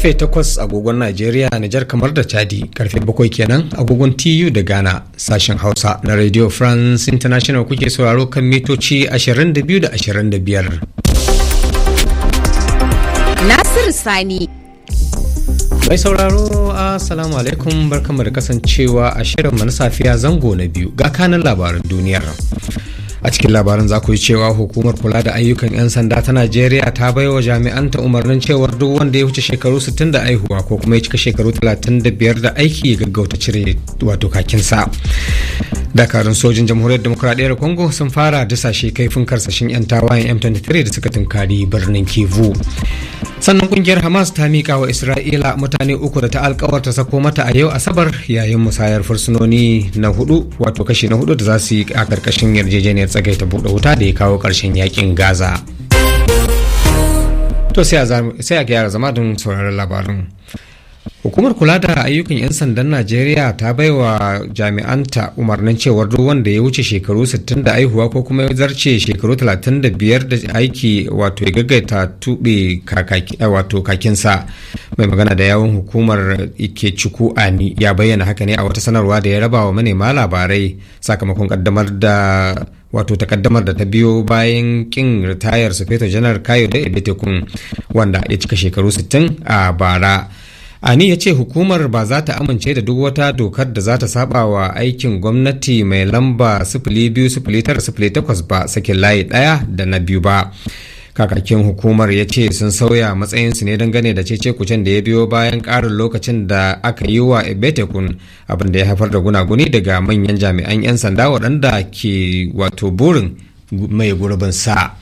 karfe 8 agogon Najeriya Nijar kamar da Chadi karfe 7 kenan agogon TU da Ghana sashen Hausa na Radio France International kuke sauraro kan mitoci 22 da 25. Nasir Sani Mai sauraro Assalamu alaikum barkamu da kasancewa a shirin na safiya zango na biyu ga kanan labaran duniyar. a cikin labaran za ku yi cewa hukumar kula da ayyukan 'yan sanda ta najeriya ta bai wa ta umarnin cewar duk wanda ya wuce shekaru 60 da aihuwa ko kuma ya cika shekaru 35 da aiki ya gaggauta cire wato kakinsa dakarun sojin jamhuriyar demokuraɗiyyar congo sun fara dasashe kaifin karsashin 'yan tawayen m23 da suka tunkari birnin kivu sannan kungiyar hamas ta mika wa isra'ila mutane uku da ta ta sako mata a yau asabar yayin musayar fursunoni na hudu wato kashi na hudu da za su yi a karkashin yarjejeniyar ta buɗe wuta da ya kawo karshen yakin gaza to sai a gyara zama don sauraron labarin Hukumar kula da ayyukan 'yan sandan Najeriya ta bai baiwa jami'anta umarnin cewar duk wanda ya wuce shekaru 60 da aihuwa ko kuma ya zarce shekaru 35 da aiki wato ya gaggaita tube eh, wato kakinsa. Mai magana da yawon hukumar ciku Ani ya bayyana haka ne a wata sanarwa da ya raba wa manema labarai sakamakon kaddamar da wato takaddamar da ta biyo bayan kin ritayar sufeto janar kayo da ebetekun wanda ya cika shekaru 60 a bara ani ya ce hukumar ba za ta amince da duk wata dokar da za ta saba wa aikin gwamnati mai lamba takwas ba sakin layi ɗaya da na biyu ba kakakin hukumar ya ce sun sauya matsayinsu ne dangane da cece kucin da ya biyo bayan karin lokacin da aka yi wa abin abinda ya haifar da gunaguni daga manyan jami'an 'yan sanda waɗanda ke wato burin mai gurbin sa.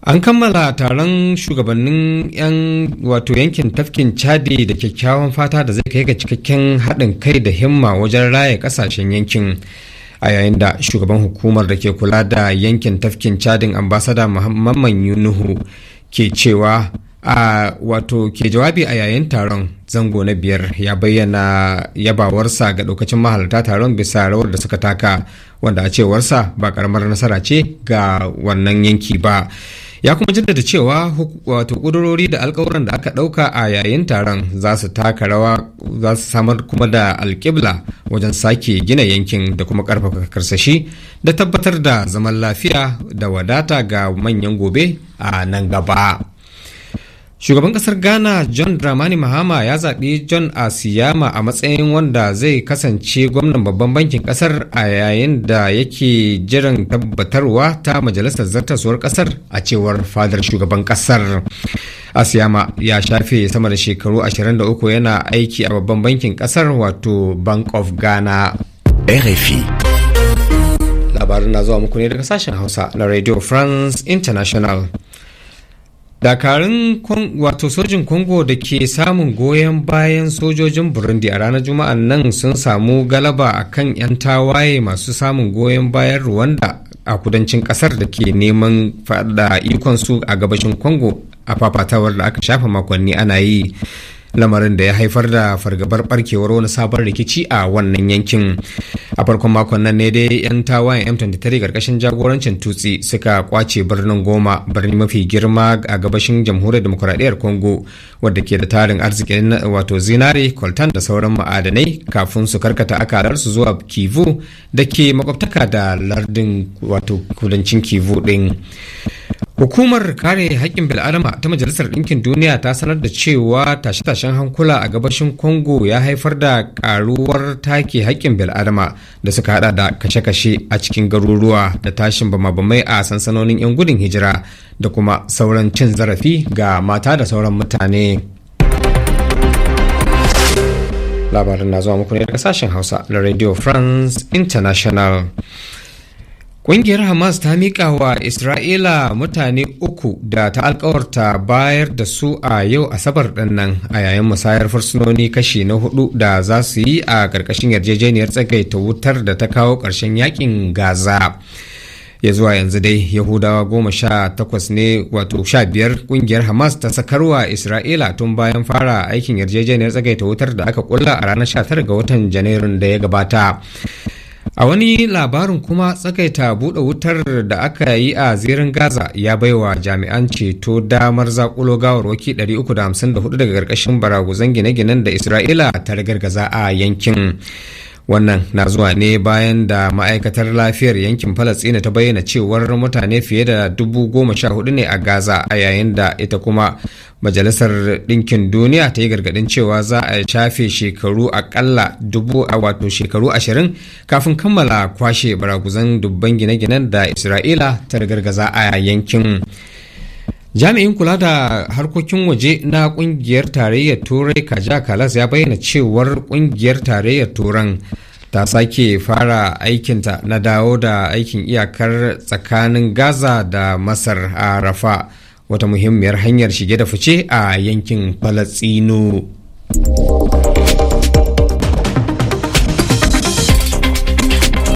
An kammala taron shugabannin 'yan wato yankin tafkin Chadi da kyakkyawan fata da zai kai ga cikakken haɗin kai da himma wajen raya ƙasashen yankin. A yayin da shugaban hukumar da ke kula da yankin tafkin Chadin ambasada Muhammad Yunuhu ke cewa a wato ke jawabi a yayin taron zango na biyar ya bayyana yabawarsa ga ɗaukacin mahalarta taron bisa rawar da suka taka wanda a cewarsa ba karamar nasara ce ga wannan yanki ba. ya kuma jaddada cewa wato ƙudurori da alkawuran da aka ɗauka a yayin taron za su taka rawa za su samar kuma da alkibla wajen sake gina yankin da kuma karfafa karsashi da tabbatar da zaman lafiya da wadata ga manyan gobe a nan gaba. Shugaban kasar Ghana John Dramani Mahama ya zaɓi John Asiyama a matsayin wanda zai kasance gwamnan babban bankin kasar a yayin da yake jiran tabbatarwa ta majalisar zartaswar kasar a cewar fadar shugaban kasar. Asiyama ya shafe sama da shekaru 23 yana aiki a babban bankin kasar wato Bank of Ghana. RFI. Labarin na zuwa muku ne daga sashen Hausa na Radio France International. dakarun wato sojin congo da ke samun goyon bayan sojojin burundi a ranar juma'a nan sun samu galaba a kan 'yan tawaye masu samun goyon bayan rwanda a kudancin kasar da ke neman fada ikonsu a gabashin congo a fafatawar da aka shafa makonni ana yi lamarin da ya haifar da fargabar barkewar wani sabon rikici a wannan yankin a farkon makon nan ne dai 'yan tawayen m23 karkashin jagorancin tutsi suka kwace birnin goma birni mafi girma a gabashin jamhuriyar demokuraɗiyyar congo wadda ke da tarin arzikin wato zinare coltan da sauran ma'adanai kafin su karkata akalarsu zuwa kivu da ke makwabtaka da lardin wato kudancin kivu ɗin. Hukumar kare haƙƙin bil'adama ta Majalisar Ɗinkin Duniya ta sanar da cewa tashe-tashen hankula a gabashin Congo ya haifar da ƙaruwar take haƙƙin bil'adama da suka haɗa da kashe-kashe a cikin garuruwa da tashin bamabamai a sansanonin 'yan gudun hijira da kuma sauran cin zarafi ga mata da sauran mutane. Labarin na zuwa muku ne daga sashen Hausa na Radio France International. Ƙungiyar Hamas ta miƙa wa Isra'ila mutane uku da ta alkawarta bayar da su a yau Asabar ɗin nan a yayin musayar fursunoni kashi na hudu da za su yi a ƙarƙashin yarjejeniyar tsagaita wutar da ta kawo ƙarshen yakin Gaza. ya zuwa yanzu dai yahudawa goma sha takwas ne wato sha biyar kungiyar hamas ta sakarwa isra'ila tun bayan fara aikin yarjejeniyar tsagaita wutar da aka kulla a ranar 19 ga watan janairun da ya gabata A wani labarin kuma tsakaita buɗe wutar da aka yi a zirin Gaza ya baiwa jami'an ceto damar zakulo gawarwaki 354 daga ƙarƙashin baraguzan gine-ginen da Isra'ila ta gaza a yankin. Wannan na zuwa ne bayan da ma'aikatar lafiyar yankin Falasina ta bayyana cewar mutane fiye da 14,000 ne a Gaza a yayin da ita kuma majalisar ɗinkin duniya ta yi gargaɗin cewa za a shafe shekaru akalla dubu a wato shekaru ashirin kafin kammala kwashe baraguzan dubban gine-ginen da isra'ila ta gargaza a yankin jami'in kula da harkokin waje na kungiyar tarayyar turai kaja kalas ya bayyana cewar kungiyar tarayyar turan ta sake fara aikinta na dawo da aikin iyakar tsakanin gaza da masar a rafa wata muhimmiyar hanyar shige da fice a yankin Falasino.